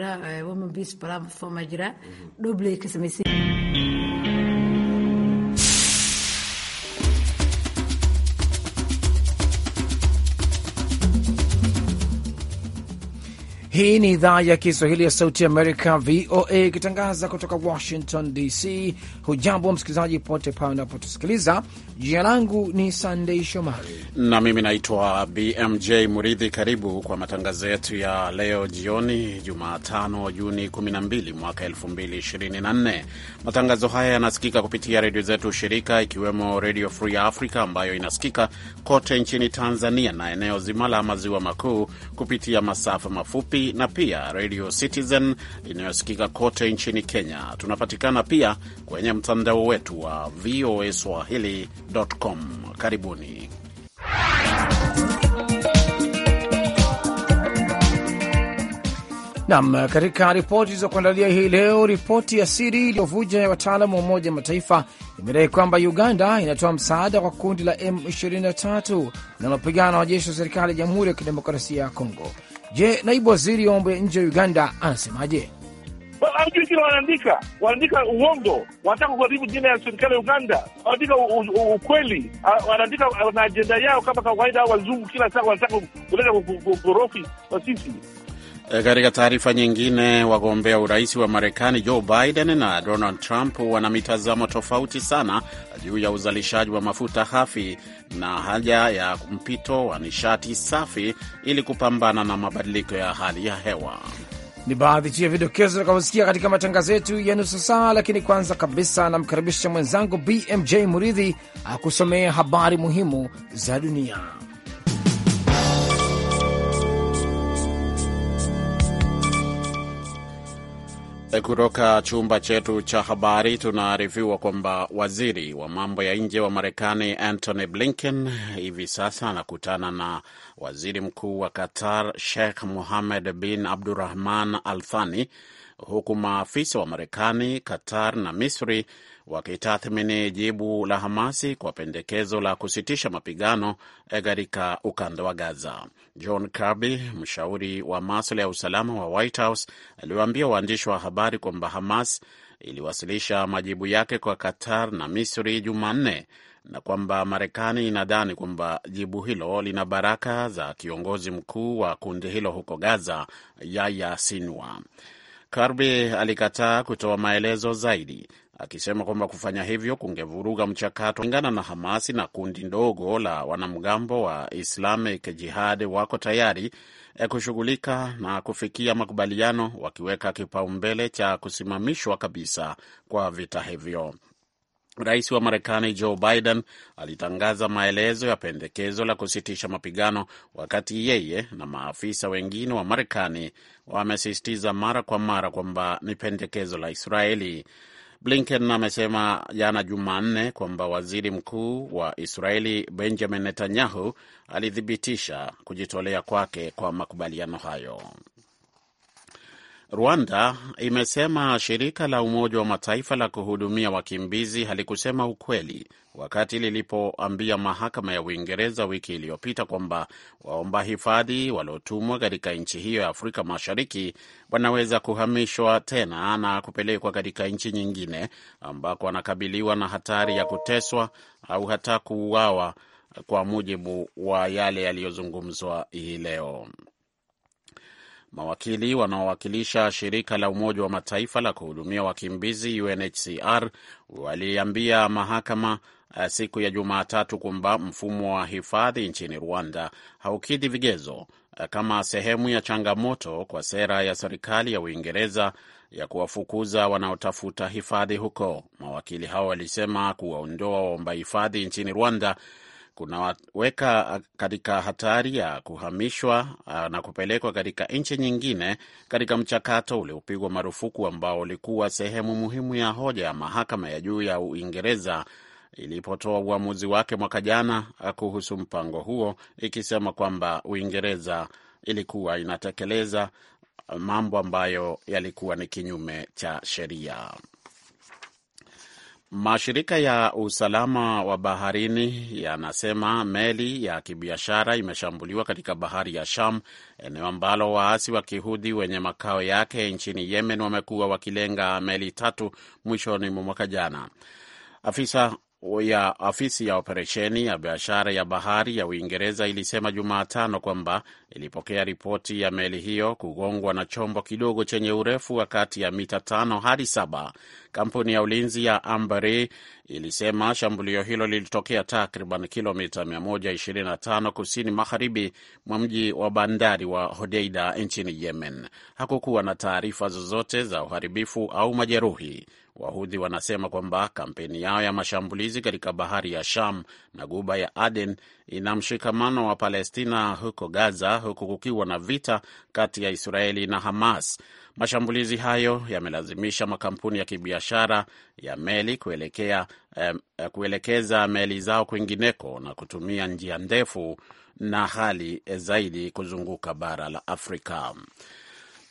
Eh, woman peace platform jira dhobley ka samaysan Hii ni idhaa ya Kiswahili ya Sauti Amerika, VOA, ikitangaza kutoka Washington DC. Hujambo msikilizaji pote pale unapotusikiliza. Jina langu ni Sandei Shomari na mimi naitwa BMJ Muridhi. Karibu kwa matangazo yetu ya leo jioni, Jumatano Juni 12 mwaka 2024. Matangazo haya yanasikika kupitia redio zetu shirika, ikiwemo Redio Free Africa ambayo inasikika kote nchini Tanzania na eneo zima la maziwa makuu kupitia masafa mafupi na pia Radio Citizen inayosikika kote nchini Kenya. Tunapatikana pia kwenye mtandao wetu wa VOA Swahili.com. Karibuni. Nam, katika ripoti za kuandalia hii leo, ripoti ya siri iliyovuja ya wataalamu wa Umoja Mataifa imedai kwamba Uganda inatoa msaada kwa kundi la M23 linalopigana na wajeshi wa serikali ya Jamhuri ya Kidemokrasia ya Kongo. Je, naibu waziri wa mambo ya nje wa Uganda anasemaje? Hawajui kile wanaandika, wanaandika uongo, wanataka kuharibu jina ya serikali ya Uganda, wanaandika ukweli, wanaandika na ajenda yao kama kawaida. Au wazungu kila saa wanataka kuleta ukorofi wa sisi. Eh, katika taarifa nyingine, wagombea urais wa Marekani Joe Biden na Donald Trump wana mitazamo tofauti sana juu ya uzalishaji wa mafuta hafi na haja ya mpito wa nishati safi ili kupambana na mabadiliko ya hali ya hewa. Ni baadhi tu ya vidokezo tutakavyosikia katika matangazo yetu ya nusu saa, lakini kwanza kabisa namkaribisha mwenzangu BMJ Muridhi akusomea habari muhimu za dunia. Eh, kutoka chumba chetu cha habari tunaarifiwa kwamba waziri wa mambo ya nje wa Marekani Antony Blinken hivi sasa anakutana na waziri mkuu wa Qatar Sheikh Mohammed bin Abdurahman Al Thani, huku maafisa wa Marekani, Qatar na Misri wakitathmini jibu la Hamasi kwa pendekezo la kusitisha mapigano eh, katika ukanda wa Gaza. John Kirby, mshauri wa maswala ya usalama wa White House, aliwaambia waandishi wa habari kwamba Hamas iliwasilisha majibu yake kwa Qatar na Misri Jumanne na kwamba Marekani inadhani kwamba jibu hilo lina baraka za kiongozi mkuu wa kundi hilo huko Gaza, Yahya Sinwar. Karbi alikataa kutoa maelezo zaidi akisema kwamba kufanya hivyo kungevuruga mchakato kulingana na Hamasi na kundi ndogo la wanamgambo wa Islamic Jihad wako tayari eh, kushughulika na kufikia makubaliano, wakiweka kipaumbele cha kusimamishwa kabisa kwa vita hivyo. Rais wa Marekani Joe Biden alitangaza maelezo ya pendekezo la kusitisha mapigano, wakati yeye na maafisa wengine wa Marekani wamesisitiza mara kwa mara kwamba ni pendekezo la Israeli. Blinken amesema jana Jumanne kwamba waziri mkuu wa Israeli Benjamin Netanyahu alithibitisha kujitolea kwake kwa makubaliano hayo. Rwanda imesema shirika la Umoja wa Mataifa la kuhudumia wakimbizi halikusema ukweli wakati lilipoambia mahakama ya Uingereza wiki iliyopita kwamba waomba hifadhi waliotumwa katika nchi hiyo ya Afrika Mashariki wanaweza kuhamishwa tena na kupelekwa katika nchi nyingine ambako wanakabiliwa na hatari ya kuteswa au hata kuuawa, kwa mujibu wa yale yaliyozungumzwa hii leo. Mawakili wanaowakilisha shirika la Umoja wa Mataifa la kuhudumia wakimbizi UNHCR waliambia mahakama Eh, siku ya Jumatatu kwamba mfumo wa hifadhi nchini Rwanda haukidhi vigezo eh, kama sehemu ya changamoto kwa sera ya serikali ya Uingereza ya kuwafukuza wanaotafuta hifadhi huko. Mawakili hao walisema kuwaondoa waomba hifadhi nchini Rwanda kunaweka eh, katika hatari ya kuhamishwa na kupelekwa katika nchi nyingine katika mchakato uliopigwa marufuku ambao ulikuwa sehemu muhimu ya hoja ya mahakama ya juu ya Uingereza ilipotoa uamuzi wake mwaka jana kuhusu mpango huo, ikisema kwamba Uingereza ilikuwa inatekeleza mambo ambayo yalikuwa ni kinyume cha sheria. Mashirika ya usalama wa baharini yanasema meli ya kibiashara imeshambuliwa katika bahari ya Sham, eneo ambalo waasi wa kihudhi wenye makao yake nchini Yemen wamekuwa wakilenga meli tatu mwishoni mwa mwaka jana. Afisa ya afisi ya operesheni ya biashara ya bahari ya Uingereza ilisema Jumatano kwamba ilipokea ripoti ya meli hiyo kugongwa na chombo kidogo chenye urefu wa kati ya mita tano hadi saba. Kampuni ya ulinzi ya Ambari ilisema shambulio hilo lilitokea takriban kilomita 125 kusini magharibi mwa mji wa bandari wa Hodeida nchini Yemen. Hakukuwa na taarifa zozote za uharibifu au majeruhi. Wahudhi wanasema kwamba kampeni yao ya mashambulizi katika bahari ya Sham na guba ya Aden ina mshikamano wa Palestina huko Gaza, huku kukiwa na vita kati ya Israeli na Hamas. Mashambulizi hayo yamelazimisha makampuni ya kibiashara ya meli kuelekea, eh, kuelekeza meli zao kwingineko na kutumia njia ndefu na hali zaidi kuzunguka bara la Afrika.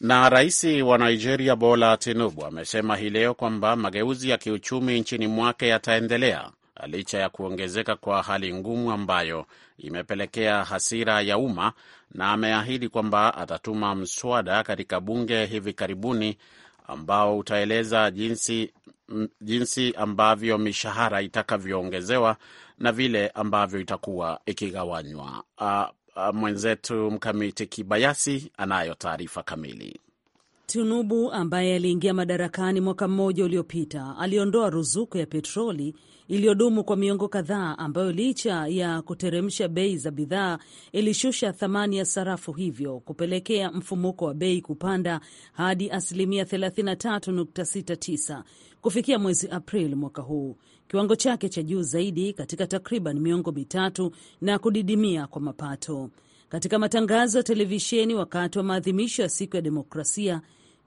Na rais wa Nigeria Bola Tinubu amesema hii leo kwamba mageuzi ya kiuchumi nchini mwake yataendelea licha ya kuongezeka kwa hali ngumu ambayo imepelekea hasira ya umma, na ameahidi kwamba atatuma mswada katika bunge hivi karibuni ambao utaeleza jinsi, jinsi ambavyo mishahara itakavyoongezewa na vile ambavyo itakuwa ikigawanywa. Ah, Ah, mwenzetu Mkamiti Kibayasi anayo taarifa kamili. Tinubu ambaye aliingia madarakani mwaka mmoja uliopita aliondoa ruzuku ya petroli iliyodumu kwa miongo kadhaa, ambayo licha ya kuteremsha bei za bidhaa ilishusha thamani ya sarafu, hivyo kupelekea mfumuko wa bei kupanda hadi asilimia 33.69 kufikia mwezi Aprili mwaka huu, kiwango chake cha juu zaidi katika takriban miongo mitatu na kudidimia kwa mapato. Katika matangazo ya televisheni wakati wa maadhimisho ya siku ya demokrasia,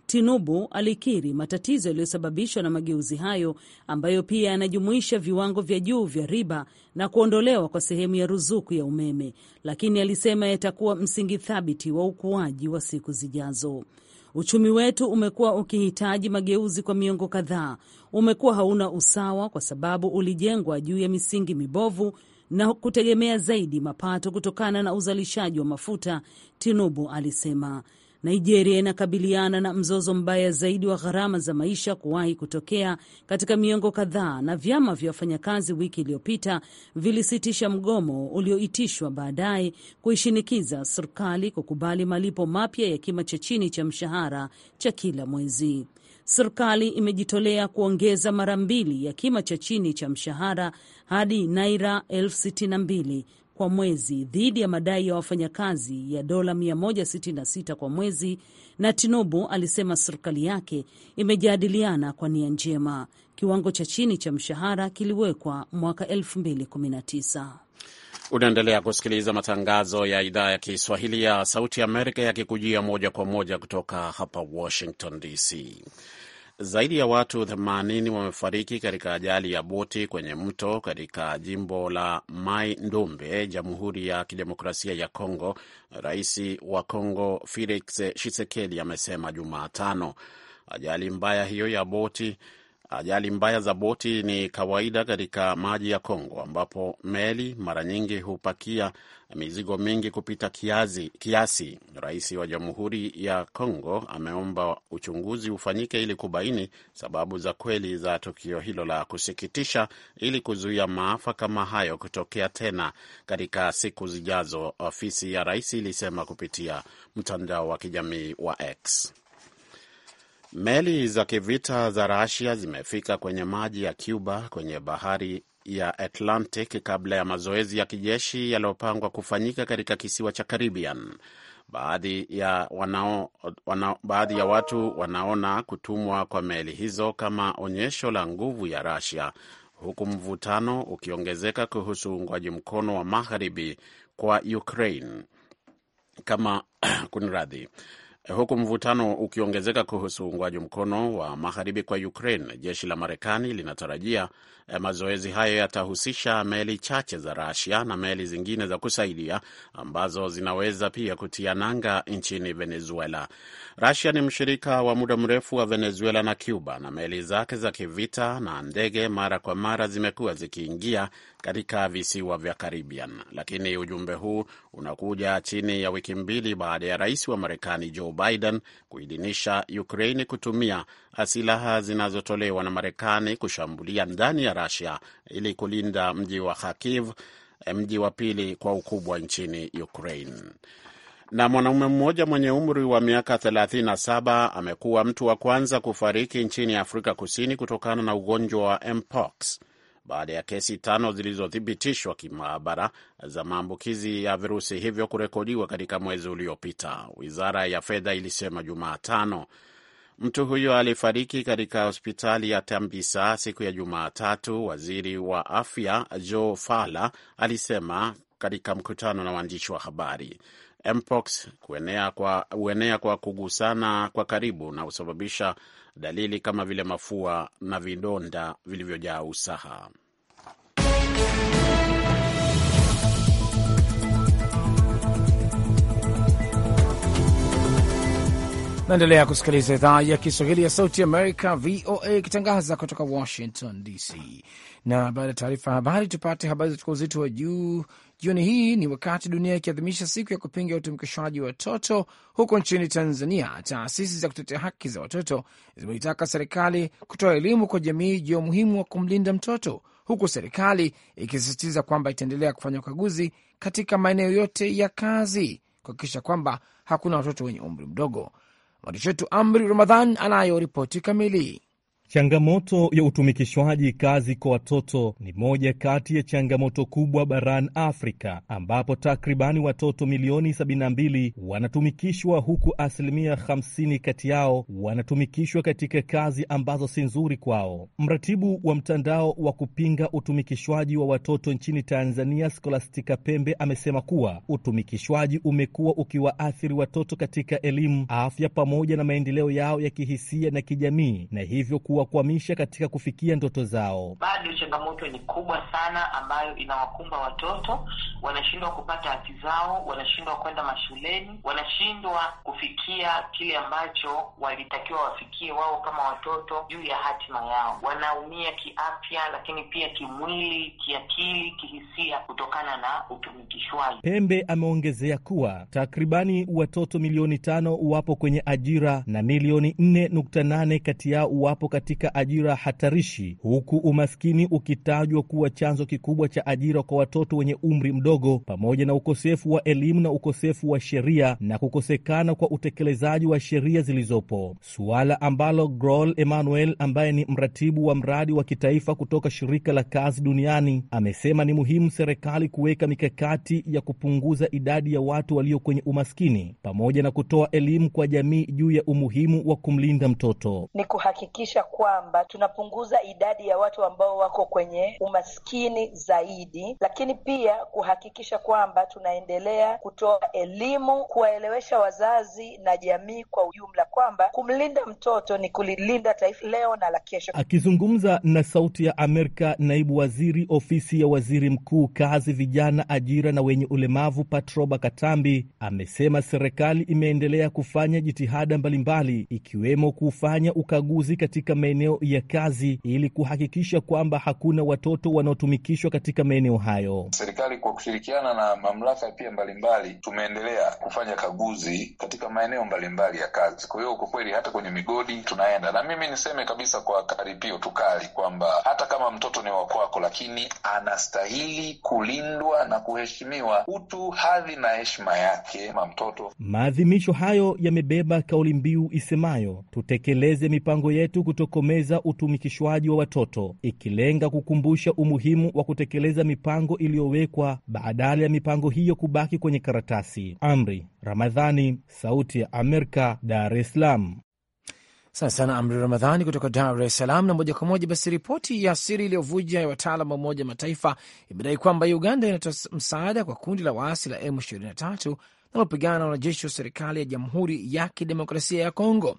Tinubu alikiri matatizo yaliyosababishwa na mageuzi hayo ambayo pia yanajumuisha viwango vya juu vya riba na kuondolewa kwa sehemu ya ruzuku ya umeme, lakini alisema yatakuwa msingi thabiti wa ukuaji wa siku zijazo. Uchumi wetu umekuwa ukihitaji mageuzi kwa miongo kadhaa, umekuwa hauna usawa kwa sababu ulijengwa juu ya misingi mibovu na kutegemea zaidi mapato kutokana na uzalishaji wa mafuta, Tinubu alisema. Nigeria inakabiliana na mzozo mbaya zaidi wa gharama za maisha kuwahi kutokea katika miongo kadhaa, na vyama vya wafanyakazi wiki iliyopita vilisitisha mgomo ulioitishwa baadaye kuishinikiza serikali kukubali malipo mapya ya kima cha chini cha mshahara cha kila mwezi. Serikali imejitolea kuongeza mara mbili ya kima cha chini cha mshahara hadi naira elfu sitini na mbili kwa mwezi dhidi ya madai ya wafanyakazi ya dola 166 kwa mwezi, na Tinubu alisema serikali yake imejadiliana kwa nia njema. Kiwango cha chini cha mshahara kiliwekwa mwaka 2019. Unaendelea kusikiliza matangazo ya idhaa ya Kiswahili ya Sauti Amerika yakikujia moja kwa moja kutoka hapa Washington DC. Zaidi ya watu 80 wamefariki katika ajali ya boti kwenye mto katika jimbo la Mai Ndombe, Jamhuri ya Kidemokrasia ya Kongo, rais wa Kongo Felix Tshisekedi amesema Jumatano. Ajali mbaya hiyo ya boti Ajali mbaya za boti ni kawaida katika maji ya Kongo, ambapo meli mara nyingi hupakia mizigo mingi kupita kiazi, kiasi. Rais wa Jamhuri ya Kongo ameomba uchunguzi ufanyike ili kubaini sababu za kweli za tukio hilo la kusikitisha, ili kuzuia maafa kama hayo kutokea tena katika siku zijazo, ofisi ya rais ilisema kupitia mtandao wa kijamii wa X. Meli za kivita za Russia zimefika kwenye maji ya Cuba kwenye bahari ya Atlantic kabla ya mazoezi ya kijeshi yaliyopangwa kufanyika katika kisiwa cha Caribbean. Baadhi ya, wanao, wana, baadhi ya watu wanaona kutumwa kwa meli hizo kama onyesho la nguvu ya Russia huku mvutano ukiongezeka kuhusu uungwaji mkono wa magharibi kwa Ukraine kama kunradhi Huku mvutano ukiongezeka kuhusu uungwaji mkono wa magharibi kwa Ukraine, jeshi la Marekani linatarajia eh, mazoezi hayo yatahusisha meli chache za Rasia na meli zingine za kusaidia ambazo zinaweza pia kutia nanga nchini Venezuela. Rasia ni mshirika wa muda mrefu wa Venezuela na Cuba, na meli zake za kivita na ndege mara kwa mara zimekuwa zikiingia katika visiwa vya Caribbean, lakini ujumbe huu unakuja chini ya wiki mbili baada ya rais wa Marekani Joe Biden kuidhinisha Ukraini kutumia silaha zinazotolewa na Marekani kushambulia ndani ya Rusia ili kulinda mji wa Kharkiv, mji wa pili kwa ukubwa nchini Ukraine. Na mwanaume mmoja mwenye umri wa miaka 37 amekuwa mtu wa kwanza kufariki nchini Afrika Kusini kutokana na ugonjwa wa mpox baada ya kesi tano zilizothibitishwa kimaabara za maambukizi ya virusi hivyo kurekodiwa katika mwezi uliopita, wizara ya fedha ilisema Jumatano. Mtu huyo alifariki katika hospitali ya Tambisa siku ya Jumatatu, waziri wa afya Joe Fala alisema katika mkutano na waandishi wa habari. Mpox huenea kwa, kwa kugusana kwa karibu na husababisha dalili kama vile mafua na vidonda vilivyojaa usaha. Naendelea kusikiliza idhaa ya Kiswahili ya Sauti Amerika, VOA, ikitangaza kutoka Washington DC. Na baada ya taarifa ya habari, tupate habari za uzito wa juu Jioni hii ni wakati dunia ikiadhimisha siku ya kupinga utumikishaji wa watoto. Huko nchini Tanzania, taasisi za kutetea haki za watoto zimeitaka serikali kutoa elimu kwa jamii juu ya umuhimu wa kumlinda mtoto, huku serikali ikisisitiza kwamba itaendelea kufanya ukaguzi katika maeneo yote ya kazi kuhakikisha kwamba hakuna watoto wenye umri mdogo. Mwandishi wetu Amri Ramadhan anayo ripoti kamili. Changamoto ya utumikishwaji kazi kwa watoto ni moja kati ya changamoto kubwa barani Afrika, ambapo takribani watoto milioni 72 wanatumikishwa huku asilimia 50 kati yao wanatumikishwa katika kazi ambazo si nzuri kwao. Mratibu wa mtandao wa kupinga utumikishwaji wa watoto nchini Tanzania, scolastika Pembe, amesema kuwa utumikishwaji umekuwa ukiwaathiri watoto katika elimu, afya pamoja na maendeleo yao ya kihisia na kijamii na hivyo ku kuwakwamisha katika kufikia ndoto zao. Bado changamoto ni kubwa sana ambayo inawakumba watoto, wanashindwa kupata haki zao, wanashindwa kwenda mashuleni, wanashindwa kufikia kile ambacho walitakiwa wafikie wao kama watoto juu ya hatima yao. Wanaumia kiafya, lakini pia kimwili, kiakili, kihisia kutokana na utumikishwaji. Pembe ameongezea kuwa takribani watoto milioni tano wapo kwenye ajira na milioni 48 kati yao wapo kati katika ajira hatarishi, huku umaskini ukitajwa kuwa chanzo kikubwa cha ajira kwa watoto wenye umri mdogo, pamoja na ukosefu wa elimu na ukosefu wa sheria na kukosekana kwa utekelezaji wa sheria zilizopo, suala ambalo Grol Emmanuel ambaye ni mratibu wa mradi wa kitaifa kutoka shirika la kazi duniani amesema ni muhimu serikali kuweka mikakati ya kupunguza idadi ya watu walio kwenye umaskini pamoja na kutoa elimu kwa jamii juu ya umuhimu wa kumlinda mtoto. Ni kuhakikisha kwamba tunapunguza idadi ya watu ambao wako kwenye umaskini zaidi, lakini pia kuhakikisha kwamba tunaendelea kutoa elimu, kuwaelewesha wazazi na jamii kwa ujumla kwamba kumlinda mtoto ni kulilinda taifa leo na la kesho. Akizungumza na Sauti ya Amerika, naibu waziri ofisi ya waziri mkuu, kazi, vijana, ajira na wenye ulemavu Patroba Katambi amesema serikali imeendelea kufanya jitihada mbalimbali ikiwemo kufanya ukaguzi katika maeneo ya kazi ili kuhakikisha kwamba hakuna watoto wanaotumikishwa katika maeneo hayo. Serikali kwa kushirikiana na mamlaka pia mbalimbali tumeendelea kufanya kaguzi katika maeneo mbalimbali ya kazi. Kwa hiyo kwa kweli hata kwenye migodi tunaenda, na mimi niseme kabisa kwa karipio tukali kwamba hata kama mtoto ni wakwako lakini anastahili kulindwa na kuheshimiwa utu, hadhi na heshima yake ma mtoto. Maadhimisho hayo yamebeba kauli mbiu isemayo tutekeleze mipango yetu kutoka kukomeza utumikishwaji wa watoto, ikilenga kukumbusha umuhimu wa kutekeleza mipango iliyowekwa badala ya mipango hiyo kubaki kwenye karatasi. Amri Ramadhani, Sauti ya Amerika, Dar es Salaam. Asante sana Amri Ramadhani kutoka Dar es Salaam. Na moja kwa moja basi, ripoti ya siri iliyovuja ya wataalam wa Umoja Mataifa imedai kwamba Uganda inatoa msaada kwa kundi la waasi la M23 linalopigana na wanajeshi wa serikali ya Jamhuri ya Kidemokrasia ya Kongo.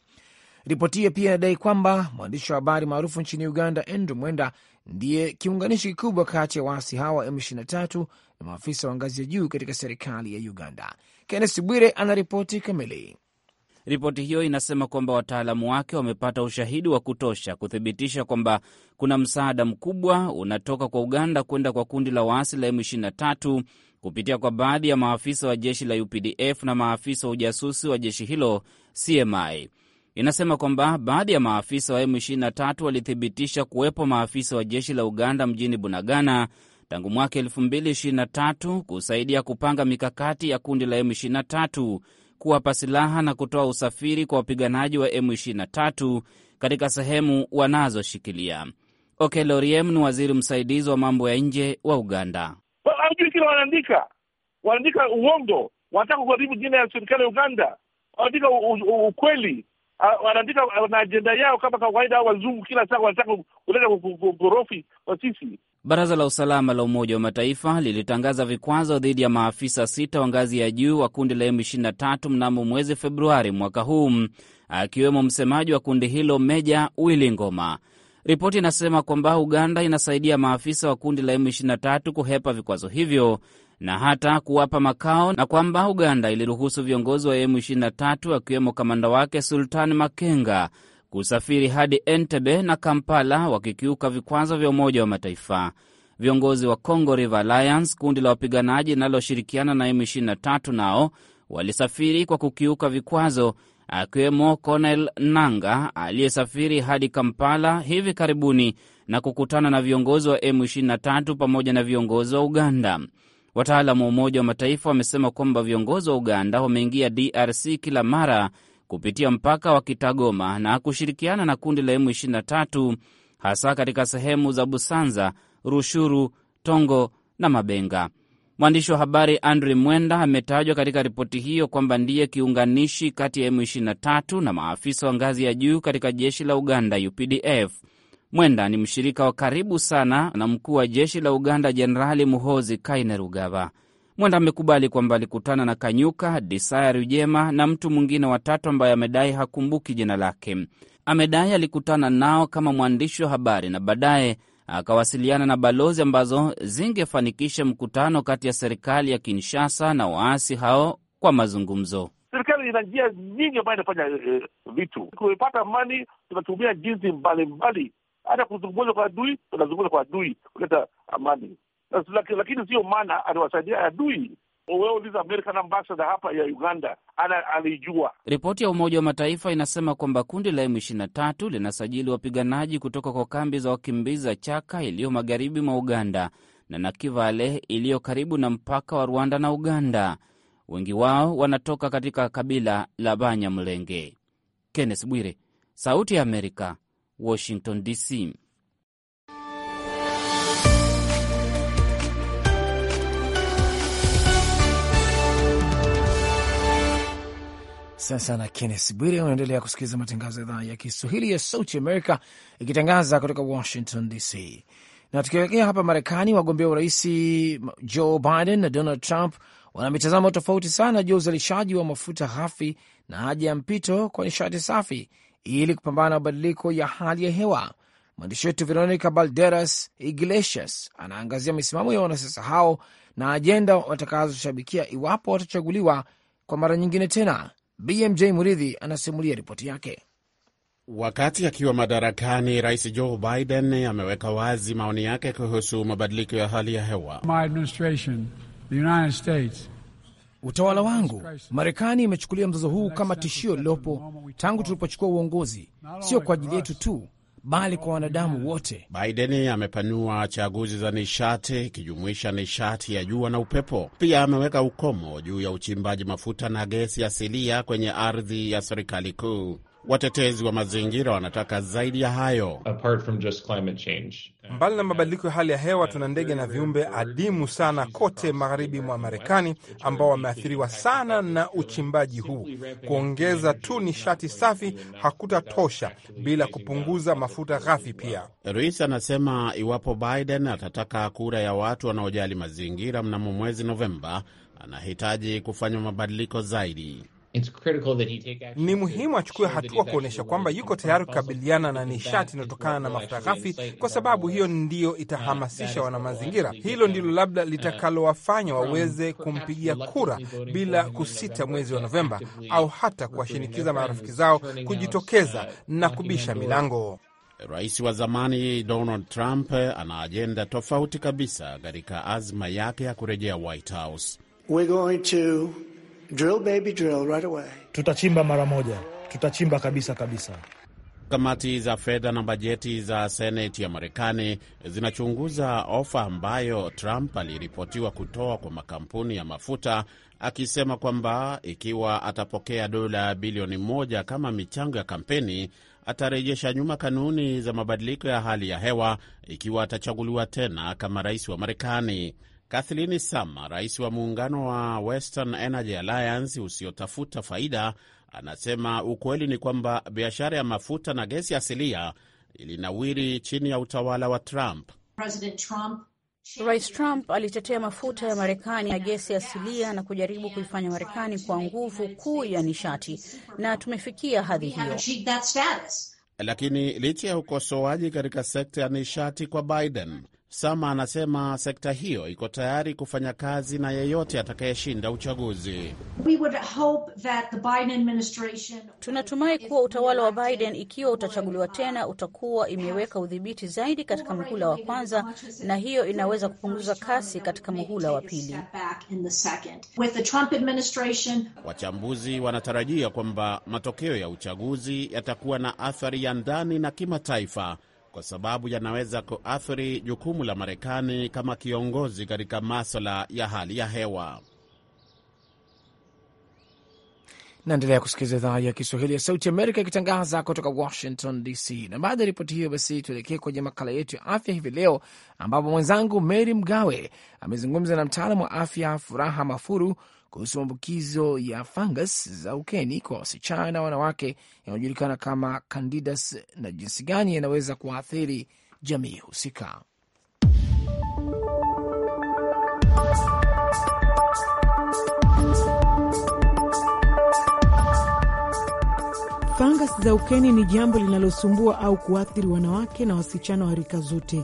Ripoti hiyo pia inadai kwamba mwandishi wa habari maarufu nchini Uganda, Andrew Mwenda, ndiye kiunganishi kikubwa kati ya waasi hawa M23 na maafisa wa ngazi ya juu katika serikali ya Uganda. Kennes Bwire anaripoti kamili. Ripoti hiyo inasema kwamba wataalamu wake wamepata ushahidi wa kutosha kuthibitisha kwamba kuna msaada mkubwa unatoka kwa Uganda kwenda kwa kundi la waasi la M23 kupitia kwa baadhi ya maafisa wa jeshi la UPDF na maafisa wa ujasusi wa jeshi hilo CMI inasema kwamba baadhi ya maafisa wa M23 walithibitisha kuwepo maafisa wa jeshi la Uganda mjini Bunagana tangu mwaka 2023 kusaidia kupanga mikakati ya kundi la M23, kuwapa silaha na kutoa usafiri kwa wapiganaji wa M23 katika sehemu wanazoshikilia. Okeloriem ni waziri msaidizi wa mambo ya nje wa Uganda. Hawajui kile wanaandika, wanaandika uongo, wanataka kuharibu jina ya serikali ya Uganda, wanaandika ukweli Ah, wanaandika ah, na ajenda yao kama kawaida. au wazungu kila saa wanataka kuleta ukorofi kwa sisi. Baraza la usalama la Umoja wa Mataifa lilitangaza vikwazo dhidi ya maafisa sita wa ngazi ya juu wa kundi la M23 mnamo mwezi Februari mwaka huu, akiwemo msemaji wa kundi hilo Meja Willy Ngoma. Ripoti inasema kwamba Uganda inasaidia maafisa wa kundi la M23 kuhepa vikwazo hivyo na hata kuwapa makao na kwamba Uganda iliruhusu viongozi wa M23 akiwemo kamanda wake Sultani Makenga kusafiri hadi Entebbe na Kampala wakikiuka vikwazo vya Umoja wa Mataifa. Viongozi wa Congo River Alliance, kundi la wapiganaji linaloshirikiana na M23, nao walisafiri kwa kukiuka vikwazo, akiwemo conel Nanga aliyesafiri hadi Kampala hivi karibuni na kukutana na viongozi wa M23 pamoja na viongozi wa Uganda. Wataalamu wa Umoja wa Mataifa wamesema kwamba viongozi wa Uganda wameingia DRC kila mara kupitia mpaka wa Kitagoma na kushirikiana na kundi la M23 hasa katika sehemu za Busanza, Rushuru, Tongo na Mabenga. Mwandishi wa habari andre Mwenda ametajwa katika ripoti hiyo kwamba ndiye kiunganishi kati ya M23 na maafisa wa ngazi ya juu katika jeshi la Uganda, UPDF. Mwenda ni mshirika wa karibu sana na mkuu wa jeshi la Uganda Jenerali Muhozi Kainerugaba. Mwenda amekubali kwamba alikutana na Kanyuka, Disaya Rujema na mtu mwingine watatu ambaye amedai hakumbuki jina lake. Amedai alikutana nao kama mwandishi wa habari na baadaye akawasiliana na balozi ambazo zingefanikisha mkutano kati ya serikali ya Kinshasa na waasi hao kwa mazungumzo. Serikali ina njia nyingi ambayo inafanya uh, vitu kuipata amani. Tunatumia jinsi mbalimbali hata kuzungumza kwa adui, unazungumza kwa adui kuleta amani, lakini sio maana aliwasaidia adui. uliza American ambassador hapa ya Uganda ana alijua. Ripoti ya Umoja wa Mataifa inasema kwamba kundi la na tatu linasajili wapiganaji kutoka kwa kambi za wakimbizi za Chaka iliyo magharibi mwa Uganda na Nakivale iliyo karibu na mpaka wa Rwanda na Uganda. Wengi wao wanatoka katika kabila la Banyamulenge. Kenneth Bwire, Sauti ya Amerika, Washington DC. Asante sana Kennes Bwire. Unaendelea kusikiliza matangazo ya idhaa ya Kiswahili ya Sauti Amerika ikitangaza kutoka Washington DC. Na tukielekea hapa Marekani, wagombea urais Joe Biden na Donald Trump wana mitazamo tofauti sana juu ya uzalishaji wa mafuta ghafi na haja ya mpito kwa nishati safi ili kupambana na mabadiliko ya hali ya hewa. Mwandishi wetu Veronica Balderas Iglesias anaangazia misimamo ya wanasiasa hao na ajenda watakazoshabikia iwapo watachaguliwa kwa mara nyingine tena. BMJ Muridhi anasimulia ripoti yake. Wakati akiwa madarakani, Rais Joe Biden ameweka wazi maoni yake kuhusu mabadiliko ya hali ya hewa. My administration, the United States utawala wangu. Marekani imechukulia mzozo huu kama tishio lilopo tangu tulipochukua uongozi, sio kwa ajili yetu tu bali kwa wanadamu wote. Biden amepanua chaguzi za nishati ikijumuisha nishati ya jua na upepo. Pia ameweka ukomo juu ya uchimbaji mafuta na gesi asilia kwenye ardhi ya serikali kuu. Watetezi wa mazingira wanataka zaidi ya hayo. Uh, Mbali na mabadiliko ya hali ya hewa, tuna ndege na viumbe adimu sana kote magharibi mwa Marekani ambao wameathiriwa sana na uchimbaji huu. Kuongeza tu nishati safi hakutatosha bila kupunguza mafuta ghafi pia. Rais anasema iwapo Biden atataka kura ya watu wanaojali mazingira mnamo mwezi Novemba, anahitaji kufanywa mabadiliko zaidi. Ni muhimu achukue hatua kuonyesha kwamba yuko tayari kukabiliana na nishati inayotokana na mafuta ghafi, kwa sababu hiyo ndiyo uh, itahamasisha wanamazingira. Hilo ndilo labda uh, litakalowafanya waweze kumpigia kura bila kusita mwezi wa uh, Novemba, au hata kuwashinikiza marafiki zao kujitokeza na kubisha milango. Rais wa zamani Donald Trump ana ajenda tofauti kabisa katika azma yake ya kurejea White House. We're going to... Drill, baby, drill, right away. Tutachimba mara moja, tutachimba kabisa kabisa. Kamati za fedha na bajeti za seneti ya Marekani zinachunguza ofa ambayo Trump aliripotiwa kutoa kwa makampuni ya mafuta akisema kwamba ikiwa atapokea dola bilioni moja kama michango ya kampeni atarejesha nyuma kanuni za mabadiliko ya hali ya hewa ikiwa atachaguliwa tena kama rais wa Marekani. Kathleen Sama, rais wa muungano wa Western Energy Alliance usiotafuta faida, anasema ukweli ni kwamba biashara ya mafuta na gesi asilia ilinawiri chini ya utawala wa Trump. Rais Trump alitetea mafuta ya Marekani na gesi asilia na kujaribu kuifanya Marekani kwa nguvu kuu ya nishati, na tumefikia hadhi hiyo. Lakini licha ya ukosoaji katika sekta ya nishati kwa Biden, Sama anasema sekta hiyo iko tayari kufanya kazi na yeyote atakayeshinda uchaguzi. tunatumai kuwa utawala wa Biden, ikiwa utachaguliwa tena, utakuwa imeweka udhibiti zaidi katika muhula wa kwanza, na hiyo inaweza kupunguza kasi katika muhula wa pili. Wachambuzi wanatarajia kwamba matokeo ya uchaguzi yatakuwa na athari ya ndani na kimataifa kwa sababu yanaweza kuathiri jukumu la Marekani kama kiongozi katika maswala ya hali ya hewa. Naendelea kusikiliza idhaa ya Kiswahili ya Sauti Amerika ikitangaza kutoka Washington DC. Na baada ya ripoti hiyo, basi tuelekee kwenye makala yetu ya afya hivi leo, ambapo mwenzangu Mary Mgawe amezungumza na mtaalamu wa afya Furaha Mafuru kuhusu maambukizo ya fungus za ukeni kwa wasichana na wanawake yanayojulikana kama Candidas na jinsi gani yanaweza kuathiri jamii husika. fangas za ukeni ni jambo linalosumbua au kuathiri wanawake na wasichana wa rika zote,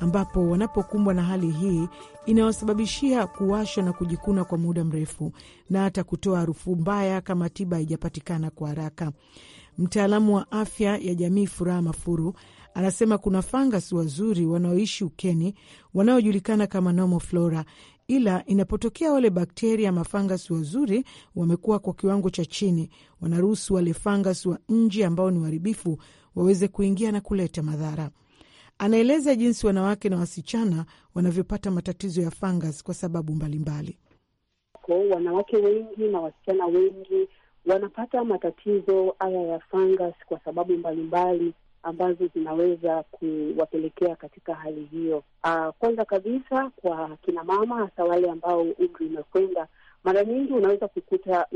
ambapo wanapokumbwa na hali hii inawasababishia kuwashwa na kujikuna kwa muda mrefu na hata kutoa harufu mbaya kama tiba haijapatikana kwa haraka. Mtaalamu wa afya ya jamii Furaha Mafuru anasema kuna fangas wazuri wanaoishi ukeni wanaojulikana kama normal flora ila inapotokea wale bakteria mafangasi wazuri wamekuwa kwa kiwango cha chini, wanaruhusu wale fangasi wa nje ambao ni waharibifu waweze kuingia na kuleta madhara. Anaeleza jinsi wanawake na wasichana wanavyopata matatizo ya fangas kwa sababu mbalimbali. Kwa wanawake wengi na wasichana wengi wanapata matatizo haya ya fangas kwa sababu mbalimbali mbali ambazo zinaweza kuwapelekea katika hali hiyo. Uh, kwanza kabisa kwa kina mama, hasa wale ambao umri umekwenda, mara nyingi unaweza kukuta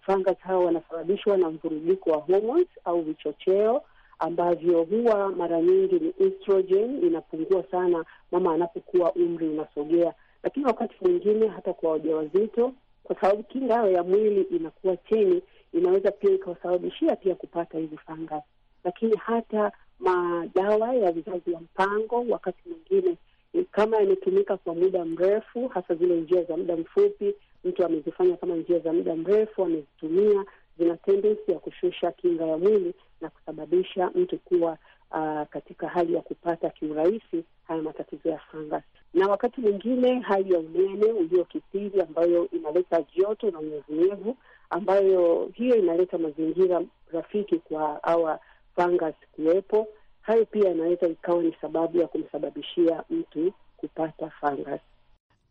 fungus hao wanasababishwa na mvurugiko wa hormones au vichocheo ambavyo huwa mara nyingi ni estrogen inapungua sana mama anapokuwa umri unasogea, lakini wakati mwingine hata kwa wajawazito, kwa sababu kinga yao ya mwili inakuwa chini, inaweza pia ikawasababishia pia kupata hizi fungus lakini hata madawa ya vizazi ya mpango wakati mwingine eh, kama yametumika kwa muda mrefu, hasa zile njia za muda mfupi, mtu amezifanya kama njia za muda mrefu, amezitumia, zina tendensi ya kushusha kinga ya mwili na kusababisha mtu kuwa uh, katika hali ya kupata kiurahisi haya matatizo ya fungus, na wakati mwingine hali ya unene uliokithiri ambayo inaleta joto na unyevunyevu, ambayo hiyo inaleta mazingira rafiki kwa hawa fungus kuwepo. Hayo pia inaweza ikawa ni sababu ya kumsababishia mtu kupata fungus.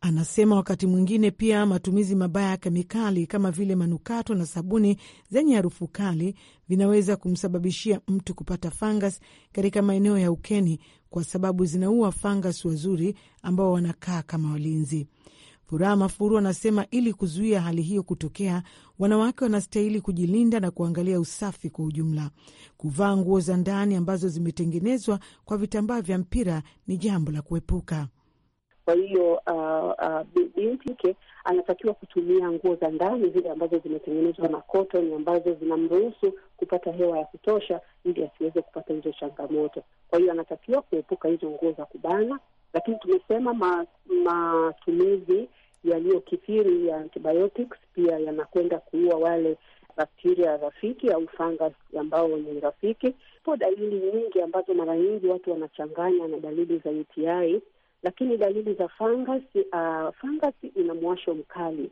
Anasema wakati mwingine pia matumizi mabaya ya kemikali kama vile manukato na sabuni zenye harufu kali vinaweza kumsababishia mtu kupata fangas katika maeneo ya ukeni, kwa sababu zinaua fangas wazuri ambao wanakaa kama walinzi. Furaha Mafuru anasema ili kuzuia hali hiyo kutokea, wanawake wanastahili kujilinda na kuangalia usafi kwa ujumla. Kuvaa nguo za ndani ambazo zimetengenezwa kwa vitambaa vya mpira ni jambo la kuepuka. Kwa hiyo uh, uh, binti mke anatakiwa kutumia nguo za ndani zile ambazo zimetengenezwa na cotton ambazo zinamruhusu kupata hewa ya kutosha, ili asiweze kupata hizo changamoto. Kwa hiyo anatakiwa kuepuka hizo nguo za kubana, lakini tumesema ma, matumizi yaliyokithiri ya antibiotics pia yanakwenda kuua wale bakteria rafiki au fungus ambao ni rafiki. po dalili nyingi ambazo mara nyingi watu wanachanganya na dalili za UTI lakini dalili za fungus, uh, fungus ina mwasho mkali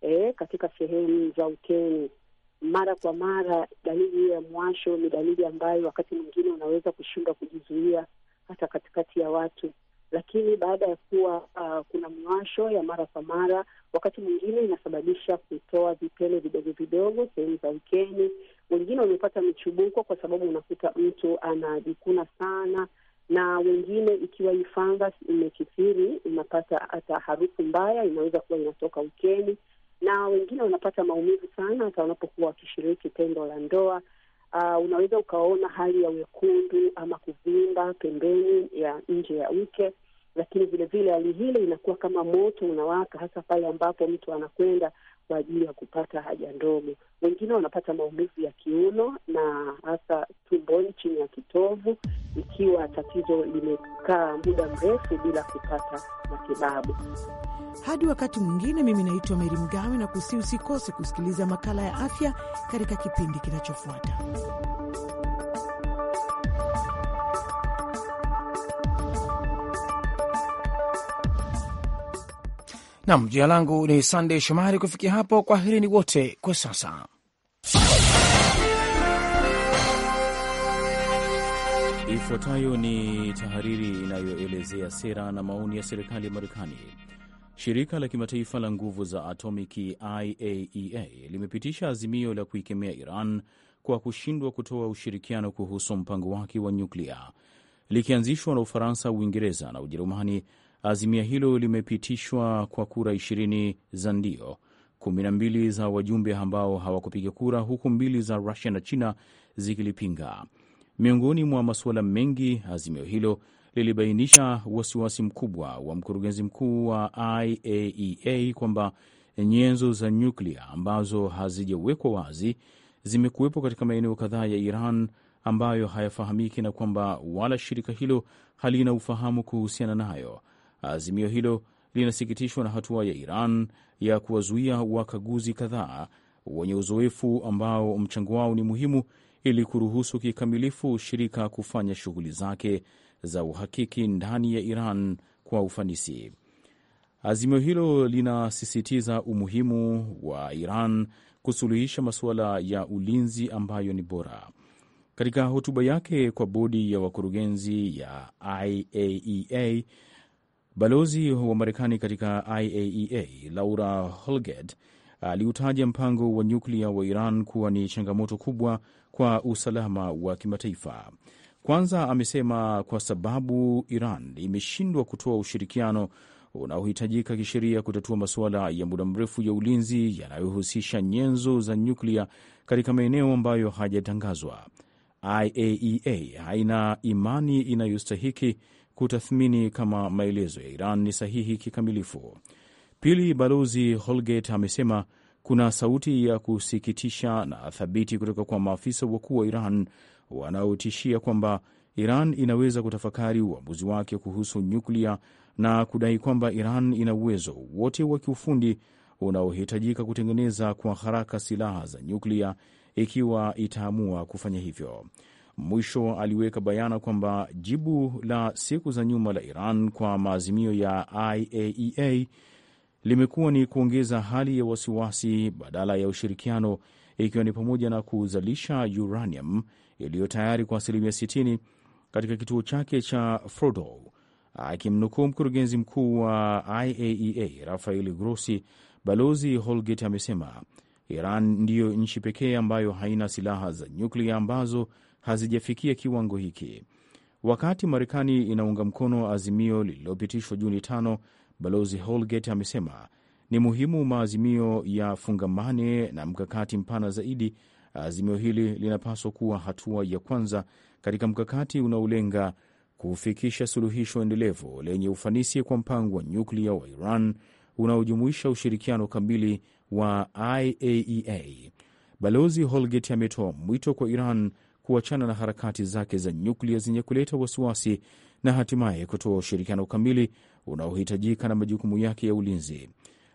eh, katika sehemu za ukeni mara kwa mara. Dalili hiyo ya mwasho ni dalili ambayo wakati mwingine unaweza kushindwa kujizuia hata katikati ya watu, lakini baada ya kuwa uh, kuna mwasho ya mara kwa mara, wakati mwingine inasababisha kutoa vipele vidogo vidogo sehemu za ukeni. Wengine wamepata michubuko, kwa sababu unakuta mtu anajikuna sana na wengine, ikiwa hii fungus imekithiri, inapata hata harufu mbaya, inaweza kuwa inatoka ukeni, na wengine wanapata maumivu sana hata wanapokuwa wakishiriki tendo la ndoa. Uh, unaweza ukaona hali ya wekundu ama kuvimba pembeni ya nje ya uke, lakini vilevile hali hile inakuwa kama moto unawaka, hasa pale ambapo mtu anakwenda kwa ajili ya kupata haja ndogo. Wengine wanapata maumivu ya kiuno na hasa tumboni, chini ya kitovu, ikiwa tatizo limekaa muda mrefu bila kupata matibabu. Hadi wakati mwingine, mimi naitwa Meri Mgawe na kusi, usikose kusikiliza makala ya afya katika kipindi kinachofuata. Nam, jina langu ni Sandey Shomari. Kufikia hapo, kwaherini wote kwa sasa. Ifuatayo ni tahariri inayoelezea sera na maoni ya serikali ya Marekani. Shirika la kimataifa la nguvu za atomiki IAEA e limepitisha azimio la kuikemea Iran kwa kushindwa kutoa ushirikiano kuhusu mpango wake wa nyuklia, likianzishwa na Ufaransa, Uingereza na Ujerumani Azimia hilo limepitishwa kwa kura ishirini za ndio, kumi na mbili za wajumbe ambao hawakupiga kura, huku mbili za Rusia na China zikilipinga. Miongoni mwa masuala mengi, azimio hilo lilibainisha wasiwasi mkubwa wa mkurugenzi mkuu wa IAEA e kwamba nyenzo za nyuklia ambazo hazijawekwa wazi zimekuwepo katika maeneo kadhaa ya Iran ambayo hayafahamiki na kwamba wala shirika hilo halina ufahamu kuhusiana nayo. Azimio hilo linasikitishwa na hatua ya Iran ya kuwazuia wakaguzi kadhaa wenye uzoefu ambao mchango wao ni muhimu ili kuruhusu kikamilifu shirika kufanya shughuli zake za uhakiki ndani ya Iran kwa ufanisi. Azimio hilo linasisitiza umuhimu wa Iran kusuluhisha masuala ya ulinzi ambayo ni bora. Katika hotuba yake kwa bodi ya wakurugenzi ya IAEA e Balozi wa Marekani katika IAEA e Laura Holged aliutaja mpango wa nyuklia wa Iran kuwa ni changamoto kubwa kwa usalama wa kimataifa. Kwanza amesema kwa sababu Iran imeshindwa kutoa ushirikiano unaohitajika kisheria kutatua masuala ya muda mrefu ya ulinzi yanayohusisha nyenzo za nyuklia katika maeneo ambayo hajatangazwa. IAEA e haina imani inayostahiki kutathmini kama maelezo ya Iran ni sahihi kikamilifu. Pili, Balozi Holgate amesema kuna sauti ya kusikitisha na thabiti kutoka kwa maafisa wakuu wa Iran wanaotishia kwamba Iran inaweza kutafakari uamuzi wake kuhusu nyuklia na kudai kwamba Iran ina uwezo wote wa kiufundi unaohitajika kutengeneza kwa haraka silaha za nyuklia ikiwa itaamua kufanya hivyo. Mwisho aliweka bayana kwamba jibu la siku za nyuma la Iran kwa maazimio ya IAEA e limekuwa ni kuongeza hali ya wasiwasi badala ya ushirikiano, ikiwa ni pamoja na kuzalisha uranium iliyo tayari kwa asilimia 60 katika kituo chake cha frodo Akimnukuu mkurugenzi mkuu wa IAEA e Rafael Grossi, Balozi Holgate amesema Iran ndiyo nchi pekee ambayo haina silaha za nyuklia ambazo hazijafikia kiwango hiki. Wakati Marekani inaunga mkono azimio lililopitishwa Juni tano, Balozi Holgate amesema ni muhimu maazimio ya fungamane na mkakati mpana zaidi. Azimio hili linapaswa kuwa hatua ya kwanza katika mkakati unaolenga kufikisha suluhisho endelevu lenye ufanisi kwa mpango wa nyuklia wa Iran unaojumuisha ushirikiano kamili wa IAEA. E Balozi Holgate ametoa mwito kwa Iran kuachana na harakati zake za nyuklia zenye kuleta wasiwasi na hatimaye kutoa ushirikiano kamili unaohitajika na majukumu yake ya ulinzi.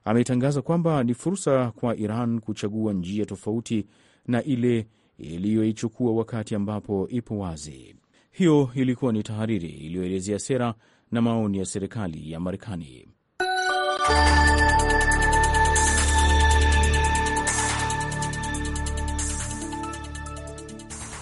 Ametangaza kwamba ni fursa kwa Iran kuchagua njia tofauti na ile iliyoichukua wakati ambapo ipo wazi. Hiyo ilikuwa ni tahariri iliyoelezea sera na maoni ya serikali ya Marekani.